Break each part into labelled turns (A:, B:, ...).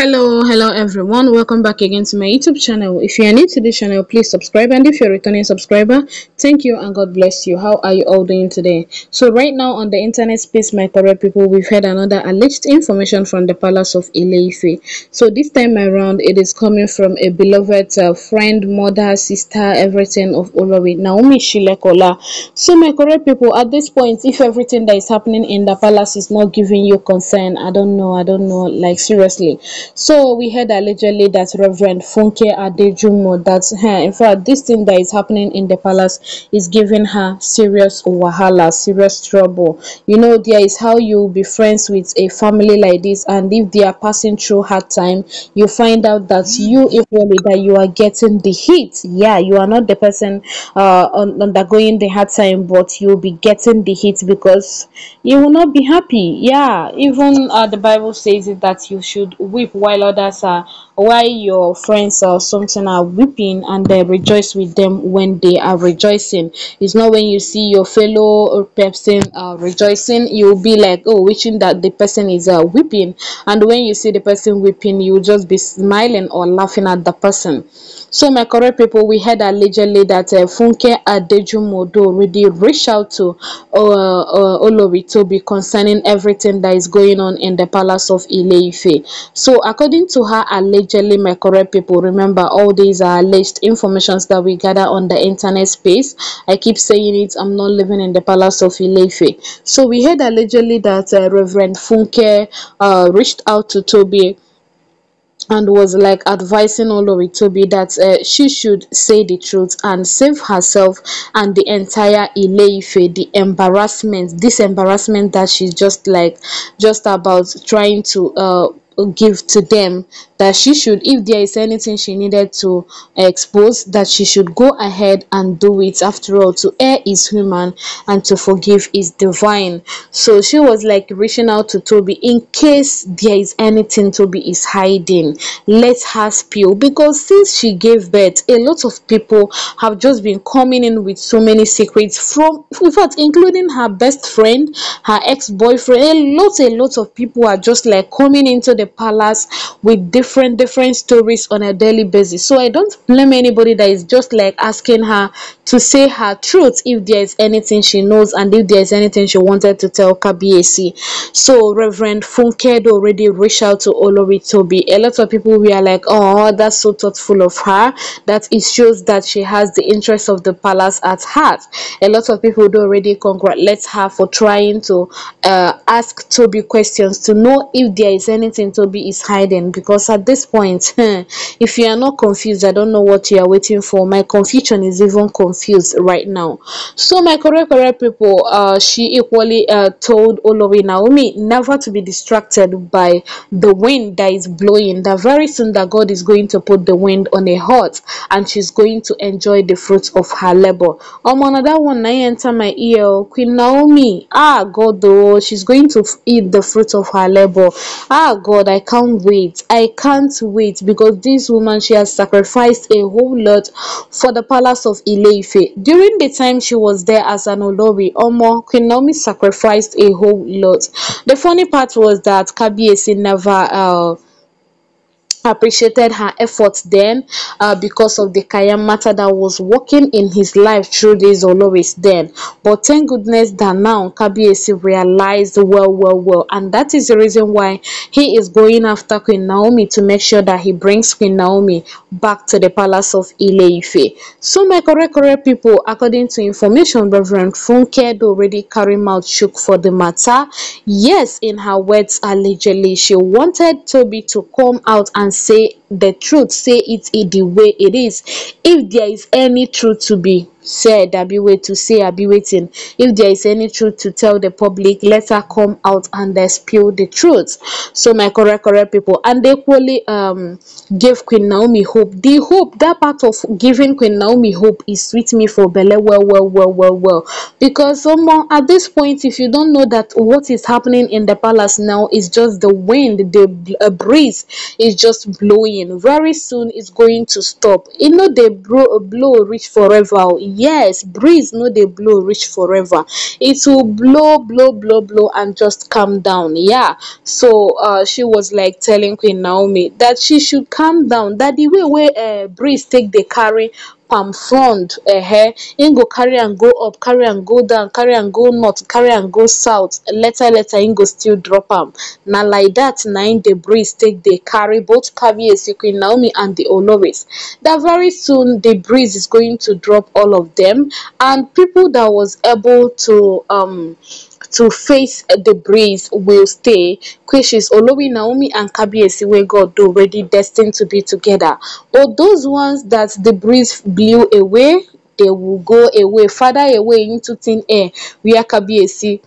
A: hello hello everyone welcome back again to my youtube channel if you are new to this channel please subscribe and if you're a returning subscriber Thank you and God bless you. How are you all doing today? So right now on the internet space, my correct people, we've had another alleged information from the palace of Ileife. So this time around, it is coming from a beloved uh, friend, mother, sister, everything of Olawi, Naomi Shilekola. So my correct people, at this point, if everything that is happening in the palace is not giving you concern, I don't know, I don't know, like seriously. So we heard allegedly that Reverend Funke Adejumo, that's her. In fact, this thing that is happening in the palace is giving her serious wahala serious trouble you know there is how you be friends with a family like this and if they are passing through hard time you find out that you only that you are getting the heat yeah you are not the person uh undergoing the hard time but you'll be getting the heat because you will not be happy yeah even uh, the bible says it that you should weep while others are while your friends or something are weeping and they rejoice with them when they are rejoicing rejoicing it's not when you see your fellow person uh, rejoicing you'll be like oh wishing that the person is uh, weeping and when you see the person weeping you'll just be smiling or laughing at the person so my correct people we heard allegedly that uh, funke adejumodo really reached out to uh, uh, be concerning everything that is going on in the palace of ileife so according to her allegedly my correct people remember all these are alleged informations that we gather on the internet space place. I keep saying it, I'm not living in the Palace of Ilefe. So we heard allegedly that uh, Reverend Funke uh, reached out to Toby and was like advising all of it, be that uh, she should say the truth and save herself and the entire Ileife, the embarrassment, this embarrassment that she's just like just about trying to uh, give to them that she should if there is anything she needed to expose that she should go ahead and do it after all to err is human and to forgive is divine so she was like reaching out to toby in case there is anything toby is hiding let her spill because since she gave birth a lot of people have just been coming in with so many secrets from in fact including her best friend her ex-boyfriend a lot a lot of people are just like coming into the palace with different different stories on a daily basis so i don't blame anybody that is just like asking her to say her truth if there is anything she knows and if there is anything she wanted to tell kbac so reverend funked already reached out to olori toby a lot of people were like oh that's so thoughtful of her that it shows that she has the interest of the palace at heart a lot of people already congratulate her for trying to uh, ask toby questions to know if there is anything Toby is hiding because at this point, if you are not confused, I don't know what you are waiting for. My confusion is even confused right now. So my correct, correct people, uh, she equally uh, told Olori Naomi never to be distracted by the wind that is blowing. That very soon that God is going to put the wind on a heart and she's going to enjoy the fruits of her labor. Um, another one, I enter my ear, Queen Naomi, ah, God, though, she's going to eat the fruits of her labor. Ah, God, god i can't wait i can't wait because this woman she has sacrificed a whole lot for the palace of ileife during the time she was there as an olori omo queen naomi sacrificed a whole lot the funny part was that kabiesi never uh, appreciated her efforts then uh, because of the Kaya matter that was working in his life through this Oloris then. But thank goodness that now Kabiesi realized well, well, well. And that is the reason why he is going after Queen Naomi to make sure that he brings Queen Naomi back to the palace of Ileife. So my correct, correct people, according to information, Reverend Funke already carried mouth shook for the matter. Yes, in her words, allegedly, she wanted Toby to come out and say the truth say it the way it is if there is any truth to be said abi to say abi waiting if there is any truth to tell the public let her come out and uh, spill the truth so my correct correct people and they equally um gave queen naomi hope the hope that part of giving queen naomi hope is sweet me for belle well well well well well because someone at this point if you don't know that what is happening in the palace now is just the wind the uh, breeze is just blowing very soon it's going to stop you know they blow, blow reach forever yes breeze no they blow reach forever it will blow blow blow blow and just calm down yeah so uh, she was like telling queen naomi that she should calm down that the way where uh, breeze take the carry palm um, frond uh, eh, im go carry and go up carry and go down carry and go north carry and go south later later im go still drop him. now like that. nine debris breeze take the carry both kabiyesi queen naomi and the oloris that very soon the breeze is going to drop all of them and people that was able to um to face the breeze will stay. Quishes, Olowi, Naomi, and Kabiesi where God already destined to be together. But those ones that the breeze blew away, they will go away, further away into thin air, where Kabiesi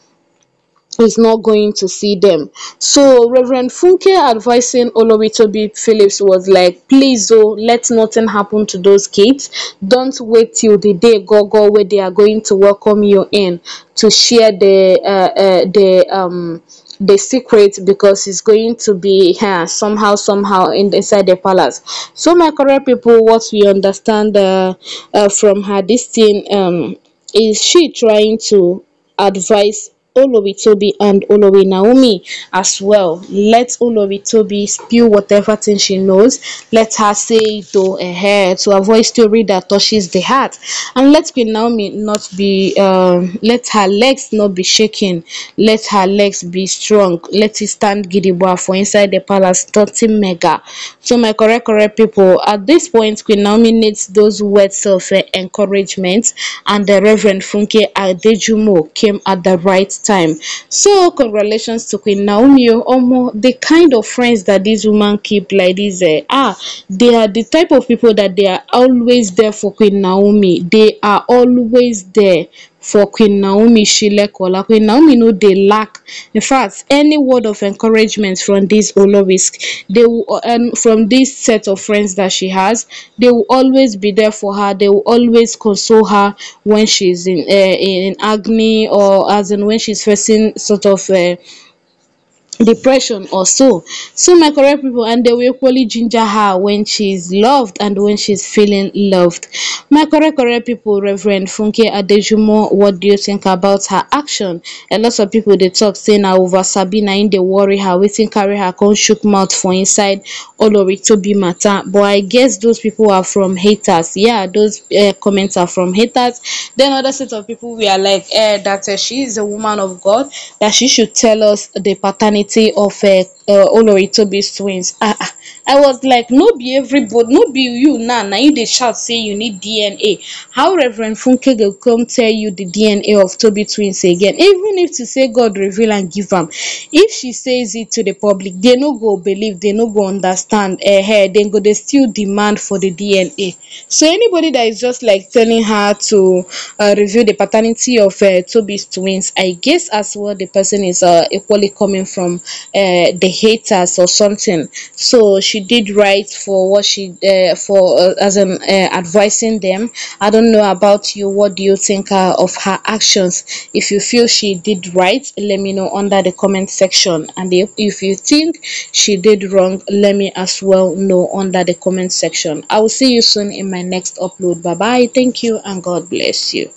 A: is not going to see them. So Reverend Funke advising Olowitobi Phillips was like, please oh, let nothing happen to those kids. Don't wait till the day go go where they are going to welcome you in to share the uh, uh, the um the secret because it's going to be here somehow somehow in, inside the palace so my correct people what we understand uh, uh, from her this thing um is she trying to advise Olori Toby and Olori Naomi as well. Let Olori Toby spill whatever thing she knows. Let her say though eh, ahead to avoid story that touches the heart. And let Queen Naomi not be, uh, let her legs not be shaken. Let her legs be strong. Let it stand gidigba for inside the palace, 30 mega. So my correct, correct people, at this point, Queen Naomi needs those words of uh, encouragement and the Reverend Funke Adejumo came at the right time time. So congratulations to Queen Naomi Omo. The kind of friends that this woman keep like this uh, ah, they are the type of people that they are always there for Queen Naomi. They are always there for queen naomi shilekola queen naomi know they lack in fact any word of encouragement from this olorisk they will and um, from this set of friends that she has they will always be there for her they will always console her when she's in uh, in agony or as in when she's facing sort of uh, depression or so so my correct people and they will equally ginger her when she's loved and when she's feeling loved my correct correct people reverend funke adejumo what do you think about her action a lot of people they talk saying now over sabina in they worry her waiting carry her con shook mouth for inside to be matter but i guess those people are from haters yeah those uh, comments are from haters then other set of people we are like eh that uh, she is a woman of god that she should tell us the paternity community of uh, uh, Olori Toby's twins. Ah, ah, i was like no be everybody no be you now Now you the shout say you need dna how reverend funke will come tell you the dna of toby twins again even if to say god reveal and give them. if she says it to the public they no go believe they no go understand eh, eh then go they still demand for the dna so anybody that is just like telling her to uh, reveal the paternity of uh, toby's twins i guess as well the person is uh, equally coming from uh, the haters or something so she she did right for what she uh, for uh, as an um, uh, advising them. I don't know about you. What do you think uh, of her actions? If you feel she did right, let me know under the comment section. And if, if you think she did wrong, let me as well know under the comment section. I will see you soon in my next upload. Bye bye. Thank you and God bless you.